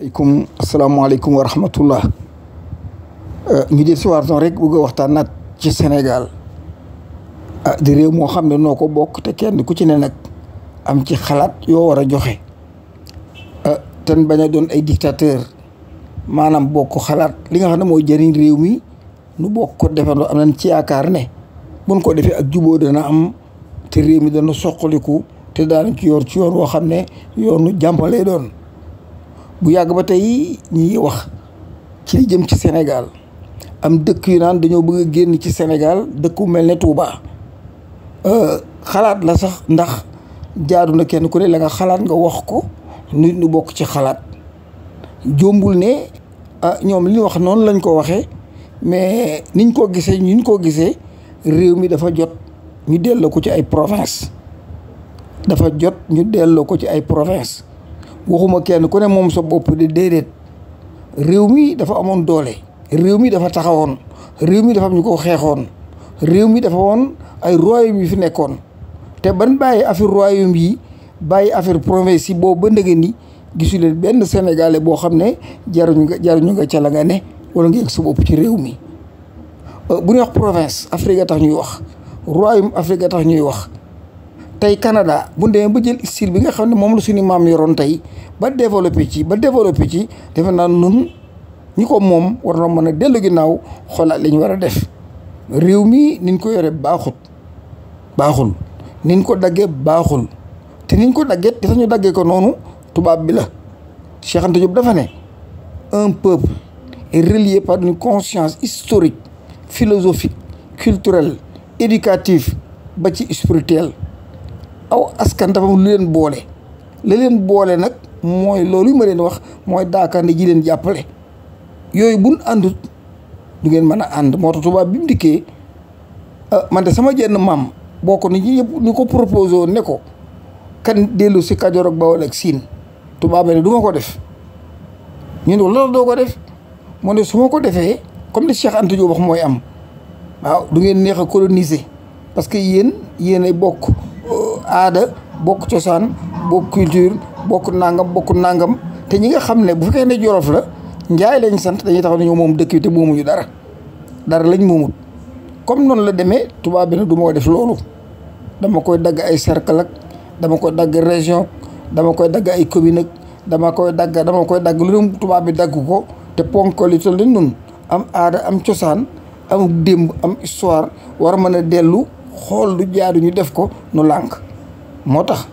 aleykum asalaamaaleykum wa rahmatullah euh, ñu def si waartoon rek bëgg a waxtaan nag ci Sénégal ah, di réew moo xam ne noo ko bokk te kenn ku ci ne nag am ci xalaat yoo war a joxe euh, ten bañ a doon ay dictateur maanaam bokk xalaat li nga xam ne mooy jëriñ réew mi nu bokk ko defandoo am nañ ci yaakaar ne buñ defee ak juboo dana am te réew mi dana soqaliku te daanañ ci yor ci yoon woo xam ne yoonu jàmm lay doon bu yàgg ba tey ñi wax ci li jëm ci Sénégal am dëkk yu naan dañoo bëgg a génn ci Sénégal bu mel ne Touba euh, xalaat la sax ndax jaadu na kenn ku ne la nga xalaat nga wax ko nit ñu bokk ci xalaat jombul ne ah, ñoom li wax noonu lañ ko waxee mais niñ ko gisee ñu ko gisee réew mi dafa jot ñu delloo ko ci ay province dafa jot ñu delloo ko ci ay province waxuma kenn ku ne moom sa bopp di déedéet réew mi dafa amoon doole réew mi dafa taxawoon réew mi dafa am ñu ko xeexoon réew mi dafa woon ay royaume yu fi nekkoon te ban bàyyi affaire royaume yi bàyyi affaire province yi boobu ba ndege ni gisu leen benn sénégalais boo xam ne jaruñu nga jaruñu nga ca la nga wala nga yëg sa bopp ci réew mi euh, bu ñuy wax province Afrique tax ñuy wax royaume Afrique tax ñuy wax tey Canada bu demee ba jël style bi nga xam ne moom la suñu maam yoroon tey ba développé ci ba développé ci defe naa nun ñi ko moom war na mën a dellu ginnaaw xoolaat li ñu war a def réew mi niñ ko yore baaxut baaxul niñ ko daggee baaxul te niñ ko daggee te sax daggee ko noonu tubaab bi la Cheikh Anta dafa ne un peuple est relié par une conscience historique philosophique culturelle éducative ba ci spirituelle aw askan dafa lu leen boole la leen boole nag mooy loolu ma leen wax mooy daakaande ji leen jàppale yooyu buñ àndut du ngeen mën a ànd moo tax tubaab bi mu dikkee ah, man de sama jenn maam boo ko ni ñi yëpp ñu ko proposé woon ne ko kan dellu si Kajoor ak Bawol ak Siin tubaab ne du ko def ñu ne loolu doo ko def moo ne su ma ko defee comme li Cheikh Anta Diop wax mooy am waaw du ngeen neex a coloniser parce que yéen yéen ay bokk aada bokk cosaan bokk culture bokk nangam bokk nangam te ñi nga xam ne bu fekkee ne jorof la njaay lañ sant dañuy taxaw ne moom dëkk bi te moomuñu dara dara lañ moomut comme noonu la demee tubaab bi ne du ma def loolu dama koy dagg ay cercle dama koy dagg région dama koy dagg ay commune ak dama koy dagg dama koy dagg lu dem tubaab bi dagg ko te ponkol yi toll nañ noonu am aada am cosaan am démb am histoire war a mën a dellu xool lu jaadu ñu def ko nu lànk moo tax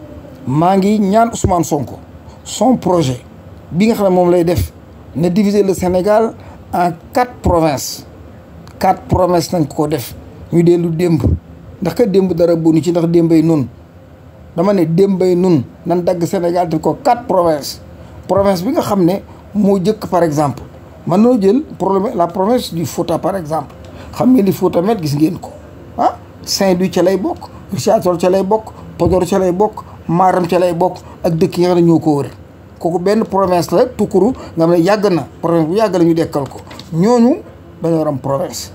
maa ngi ñaan son ko son projet bi nga xam ne moom lay def ne diviser le Sénégal en quatre provinces quatre provinces nañ ko def ñu dellu démb ndax ka démb dara bonu ci ndax démbay nun dama ne démbay nun nan dagg Sénégal def ko quatre provinces province bi nga xam ne moo jëkk par exemple man noo jël problème la province du Fouta par exemple xam ngeen ni Fouta met gis ngéen ko ah Saint-Louis ca lay bokk Richard-Toll ca lay bokk Podor ca lay bokk Matam ca lay bokk ak dëkk yi nga xam ne ñoo ko wër kooku benn province la Tukuru nga xam ne yàgg na province bu yàgg la ñu dekkal ko ñooñu dañoo war am province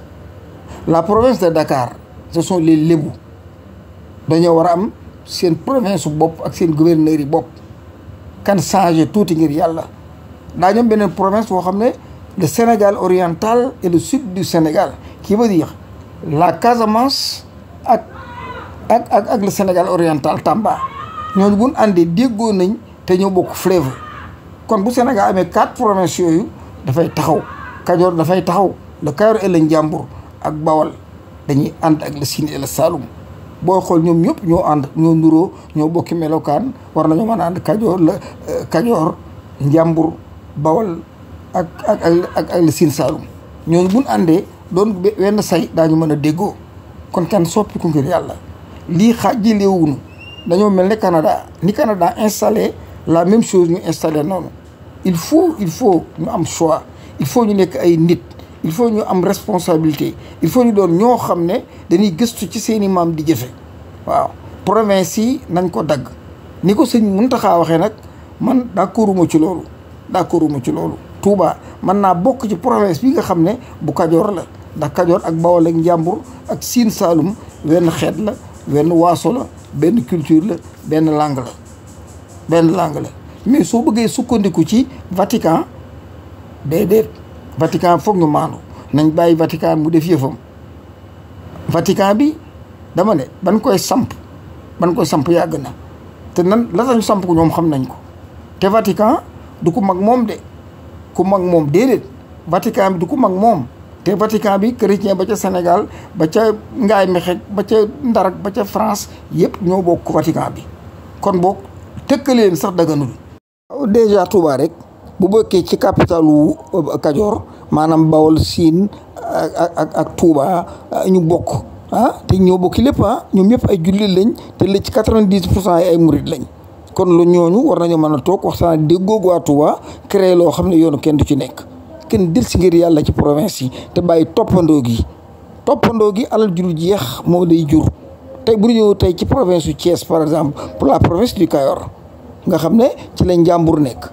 la province de Dakar ce sont les Lébu dañoo war a am seen province su bopp ak seen gouverneur yi bopp kan changé tuuti ngir yàlla daañu am beneen province foo xam ne le Sénégal oriental et le sud du Sénégal qui veut dire la Casamance ak ak ak ak le Sénégal oriental Tamba ñooñu bun ñu àndee déggoo nañ te ñoo bokk fleuve kon bu Sénégal amee quatre provinces yooyu dafay taxaw Kajoor dafay taxaw le Kajoor et le ak Bawal dañuy ànd ak le Sine et le Saloum boo xool ñoom ñëpp ñoo ànd ñoo nuroo ñoo bokki melokaan war nañoo mën a ànd Kajoor la euh, Kajoor Njàmbur Bawal ak ak ak ak le Sine Saloum ñooñu bu ñu àndee doon wenn say daañu mën a déggoo. kon kan soppiku ngir yàlla lii xaajalewuñu dañoo mel ne Canada ni Canada installer la même chose ñu installé noonu il faut il faut ñu am choix il faut ñu nekk ay nit il faut ñu am responsabilité il faut ñu doon ñoo xam ne dañuy gëstu ci seeni maam di jëfe waaw province yi nañ ko dagg ni ko sëñ Muntaxa waxee nag man d'accorduma ci loolu d'accorduma ci loolu Touba mën naa bokk ci province bi nga xam ne bu Kajoor la ndax Kajoor ak Bawol ak Njàmbur ak Siin Saalum wenn xeet la wenn waaso la benn culture la benn langue la benn langue la mais soo bëggee sukkandiku ci Vatican déedéet Vatican foog ñu maandu nañ bàyyi Vatican mu def yëfam Vatican bi dama ne ban koy samp ban koy samp yàgg na te nan la tax samp ko ñoom xam nañ ko te Vatican du ku mag moom de ku mag moom déedéet Vatican bi du ku mag moom te Vatican bi chrétien ba ca Sénégal ba ca Ngaay Mexek ba ca Ndarak ba ca France yëpp ñoo bokk Vatican bi kon boog tëkkaleen sax daganul déjà Touba rek bu bokkee ci capitalu euh, Kajoor maanaam Bawol Siin ak ak ak Touba euh, ñu bokk ah te ñoo bokki lépp ah ñoom ñëpp ay jullit lañ te li ci quatre-vingt-dix pour cent ay murit lañ kon lu ñooñu war nañu mën a toog waxtaan déggoo waa Touba créé loo xam ne yoonu kenn du ci nekk kenn dir si ngir yàlla ci province yi te bàyyi toppandoo gi toppandoo gi alal jurul yeex moo lay jur tey bu ñëw tey ci province yu Thiès par exemple pour la province du Kayor nga xam ne ci la Njàmbur nekk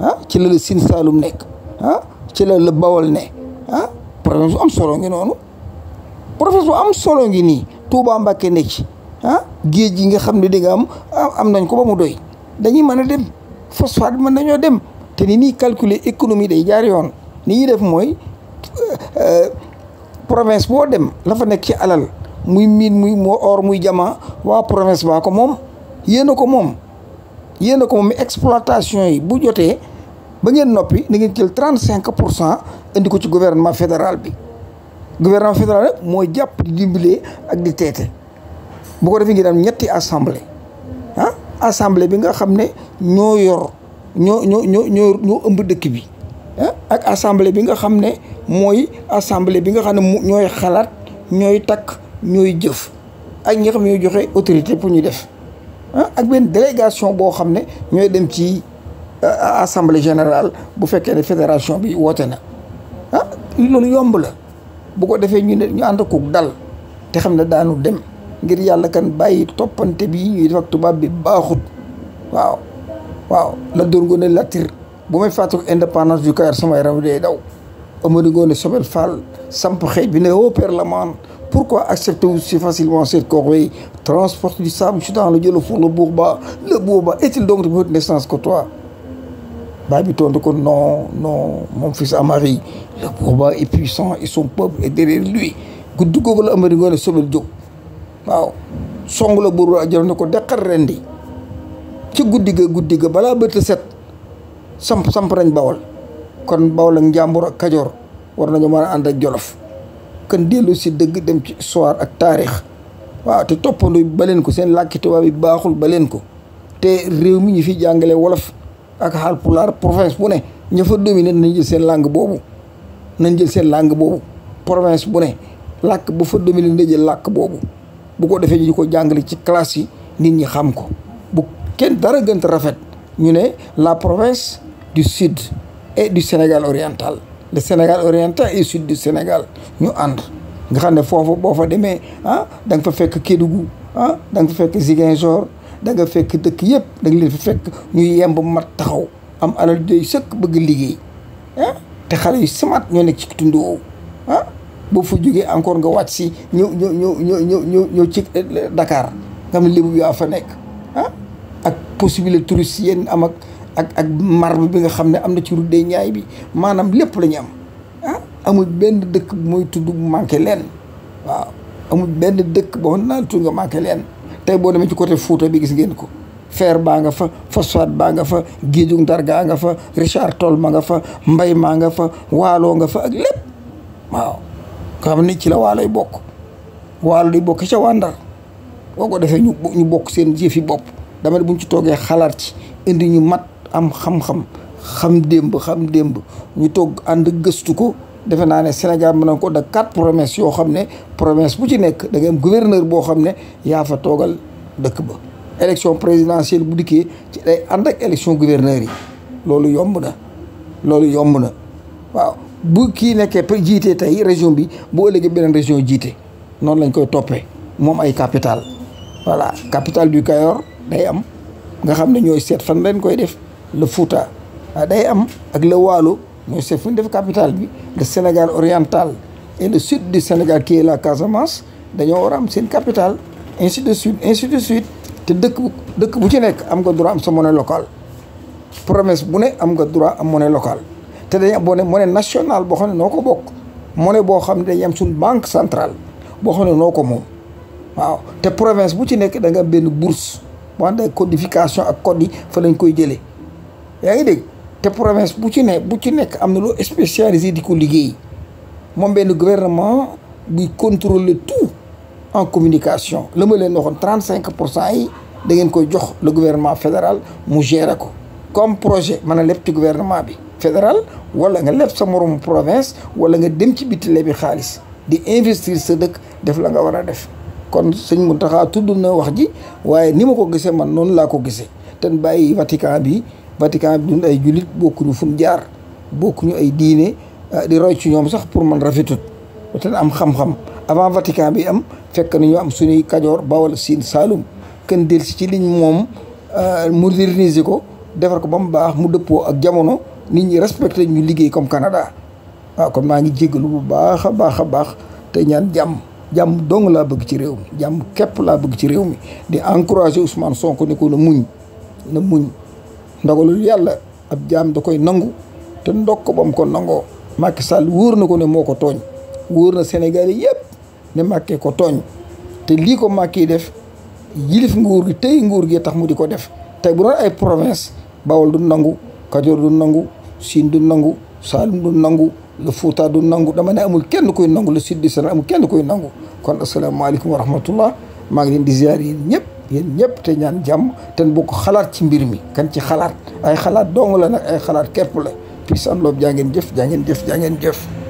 ah ci la la Sine Saalum nekk ah ci la la Bawol ne ah province bu am solo ngi noonu province bu am solo ngi nii Touba Mbacké ne ci ah géej gi nga xam ne di nga am am nañ ko ba mu doy dañuy mën a dem phosphate mën nañoo dem te ni nii calculer économie day jaar yoon ni ñuy def mooy euh, province boo dem la fa nekk ci alal muy miin muy moo or muy jama waa province baa ko moom yéen a ko moom yéen ko moom exploitation yi bu jotee ba ngeen noppi na ngeen jël trente cinq pour cent indi ko ci gouvernement fédéral bi gouvernement fédéral mooy jàpp di dimbalee ak di teete bu ko defee ngi daan ñetti assemblée ah assemblée bi nga xam ne ñoo yor ñoo ñoo ñoo ñoo ëmb dëkk bi ak assemble bi nga xam ne mooy assemble bi nga xam ne ñooy xalaat ñooy takk ñooy jëf ak ñi nga xam ne ñooy joxe autorité pour ñu def ah, ak benn délégation boo xam ne ñooy dem ci euh, assemble général bu fekkee ne fédération bi woote na ah loolu yomb la bu ko defee ñu ne ñu ànd ko dal te xam ne daanu dem ngir yàlla kan bàyyi toppante bi ñuy def ak tubaab bi baaxut waaw waaw la dóor ngoone latir bu may fàttaliku indépendance du Kayor samay raw day daw Amari Ngoone Sobel Fall samp xëy bi ne au parlement pourquoi acceptez-vous si facilement cette corvée transporte du sable soudan le Djolof pour le Bourba le Bourba est-il donc de votre naissance que toi baay bi tontu ko non non mon fils Amari le Bourba est puissant et son peuple est derrière lui guddi googu la Amari Ngoone Sobel jóg waaw song la Bourba jël na ko deqal rendi ci guddi ga guddi ga balaa bët set samp samp nañ bawal kon bawal ak njàmbur ak kajoor war nañu man a ànd ak jolof kon dellu si dëgg dem ci histoire ak taarix waaw te toppandu ba leen ko seen làkki tubaab yi baaxul ba leen ko te réew mi ñu fi jàngale wolof ak Haalpulaar province bu ne ña fa dominé nañ jël seen langue boobu nañ jël seen langue boobu province bu ne làkk bu fa dominé na jël làkk boobu bu ko defee ñu ko jàngale ci classe yi nit ñi xam ko bu kenn dara gënt rafet ñu ne la province du sud et du Sénégal oriental le Sénégal oriental et sud du Sénégal ñu ànd nga xam ne foofu boo fa demee ah da nga fa fekk Kédougou ah da nga fa fekk Ziguinchor da nga fekk dëkk yëpp da nga leen fa fekk ñuy yemb mat taxaw am alal doy sëkk bëgg liggéey ah, te xale yu samaat ñoo nekk ci tund woowu ah, boo fa jógee encore nga wàcc si ñëw ñëw ñëw ñëw ñëw ci eh, Dakar nga xam ne yaa fa nekk ah, ak possibilité touriste yéen amak ak ak marbre bi nga xam ne am na ci route ñaay bi maanaam lépp la ñu am ah, amul benn dëkk mooy tudd bu manqué leen waaw benn dëkk boo xam naa tudd nga manqué leen tey boo demee ci côté Fouta bi gis ngeen ko fer baa nga fa phosphate baa nga fa Géejung Darga nga fa Richard Toll ma nga fa Mbay maa nga fa Waalo nga fa ak lépp waaw nga xam ne ci la Waaloy bokk Waalo di bokk ca waa Ndar boo ko defee ñu bokk seen jëfi bopp dama ne bu ci toogee xalaat ci indi ñu mat am xam-xam xam démb xam démb ñu toog ànd gëstu ko defe naa ne Sénégal mën na ko da quatre promesses yoo xam ne promesse bu ci nekk da ngay am gouverneur boo xam ne yaa fa toogal dëkk ba. élection présidentielle bu dikkee ci day ànd ak élection gouverneur yi loolu yomb na loolu yomb na waaw bu kii nekkee jiitee tey région bi bu ëllëgee beneen région jiite noonu lañ koy toppee moom ay capital voilà capitale du Kayor day am nga xam ne ñooy seet fan lañ koy def. le Fouta ah, day am ak le Waalo fu ñu def capital bi le Sénégal oriental et le sud du Sénégal kii la Casamance dañoo war a am seen capitale ainsi de suite ainsi te dëkk dëkk bu ci nekk am nga droit am sa monnaie locale promesse bu ne am nga droit am monnaie locale te dañ boo ne monnaie nationale boo xam ne noo ko bokk monnaie boo xam ne dañ am suñ banque centrale boo xam ne noo ko moom waaw te province bu ci nekk da nga benn bourse boo xam ne ak code yi fa lañ koy jëlee yaa ngi dégg te province bu ci ne bu ci nekk am na loo spécialisé di ko liggéey moom benn gouvernement buy contrôler tout en communication la ma leen waxoon trente cinq pour cent yi da ngeen koy jox le gouvernement fédéral mu gérer ko comme projet mën a leb ci gouvernement bi fédéral wala nga leb sa moromu province wala nga dem ci biti bi xaalis di investir sa dëkk def la nga war a def kon sëñ taxaa tudd na wax ji waaye ni ma ko gisee man noonu laa ko gisee ten bàyyi Vatican bi Vatican bi ñun ay jullit bokkuñu fu ñu jaar bokkuñu ay diine ah, di roy ci ñoom sax pour man rafetut te am xam-xam avant Vatican bi am fekk nañu am suñuy kajoor bawal siin saalum kenn del si ci liñ moom ah, moderniser ko defar ko ba mu baax mu dëppoo ak jamono nit ñi respecté ñu liggéey comme Canada waaw ah, kon maa ngi jéggalu bu baax a baax a baax te ñaan jàmm jàmm dong laa bëgg ci réew mi jàmm képp laa bëgg ci réew mi di encouragé Ousmane Sonko ne ko na muñ na muñ loolu yàlla ab jaam da koy nangu te ndokk bam ko nangoo Macky Sall wóor na ko ne moo ko tooñ wóor na Sénégal yëpp ne Macky ko tooñ te lii ko Macky def yilif nguur gi tey nguur gi tax mu di ko def tey bu ay province Bawol du nangu Kajoor du nangu Siin du nangu Saalum du nangu le Fouta du nangu dama ne amul kenn koy nangu le sud du Sénégal amul kenn koy nangu kon asalaamaaleykum wa rahmatullah maa ngi leen di ñëpp yéen ñëpp te ñaan jàmm ten bokk ko xalaat ci mbir mi kan ci xalaat ay xalaat dong la nag ay xalaat képp la puis san loobu jaa ngeen jëf jaa ngeen jëf jaa ngeen jëf